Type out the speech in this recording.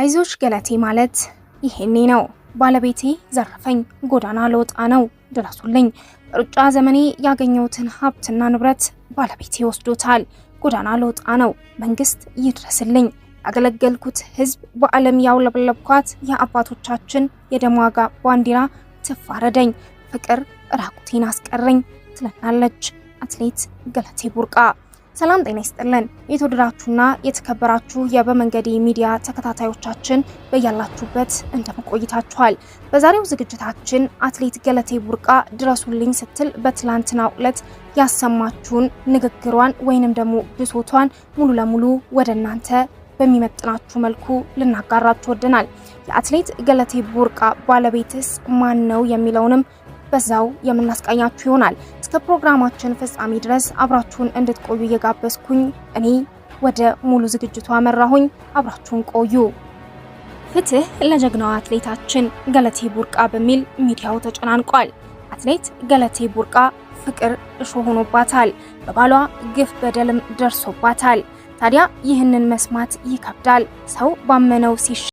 አይዞሽ ገለቴ ማለት ይሄኔ ነው። ባለቤቴ ዘረፈኝ፣ ጎዳና ልወጣ ነው፣ ድረሱልኝ። በሩጫ ዘመኔ ያገኘሁትን ሀብትና ንብረት ባለቤቴ ወስዶታል፣ ጎዳና ልወጣ ነው፣ መንግስት ይድረስልኝ። ያገለገልኩት ህዝብ፣ በዓለም ያውለበለብኳት የአባቶቻችን የደም ዋጋ ባንዲራ ትፋረደኝ፣ ፍቅር ራቁቴን አስቀረኝ ትለናለች አትሌት ገለቴ ቡርቃ። ሰላም ጤና ይስጥልን። የተወደዳችሁና የተከበራችሁ የበመንገዴ ሚዲያ ተከታታዮቻችን በያላችሁበት እንደምን ቆይታችኋል? በዛሬው ዝግጅታችን አትሌት ገለቴ ቡርቃ ድረሱልኝ ስትል በትላንትናው ዕለት ያሰማችሁን ንግግሯን ወይንም ደግሞ ብሶቷን ሙሉ ለሙሉ ወደ እናንተ በሚመጥናችሁ መልኩ ልናጋራችሁ ወደናል። የአትሌት ገለቴ ቡርቃ ባለቤትስ ማን ነው የሚለውንም በዛው የምናስቃኛችሁ ይሆናል። እስከ ፕሮግራማችን ፍጻሜ ድረስ አብራችሁን እንድትቆዩ እየጋበዝኩኝ እኔ ወደ ሙሉ ዝግጅቱ አመራሁኝ። አብራችሁን ቆዩ። ፍትህ ለጀግናዋ አትሌታችን ገለቴ ቡርቃ በሚል ሚዲያው ተጨናንቋል። አትሌት ገለቴ ቡርቃ ፍቅር እሾ ሆኖባታል። በባሏ ግፍ በደልም ደርሶባታል። ታዲያ ይህንን መስማት ይከብዳል። ሰው ባመነው ሲሽ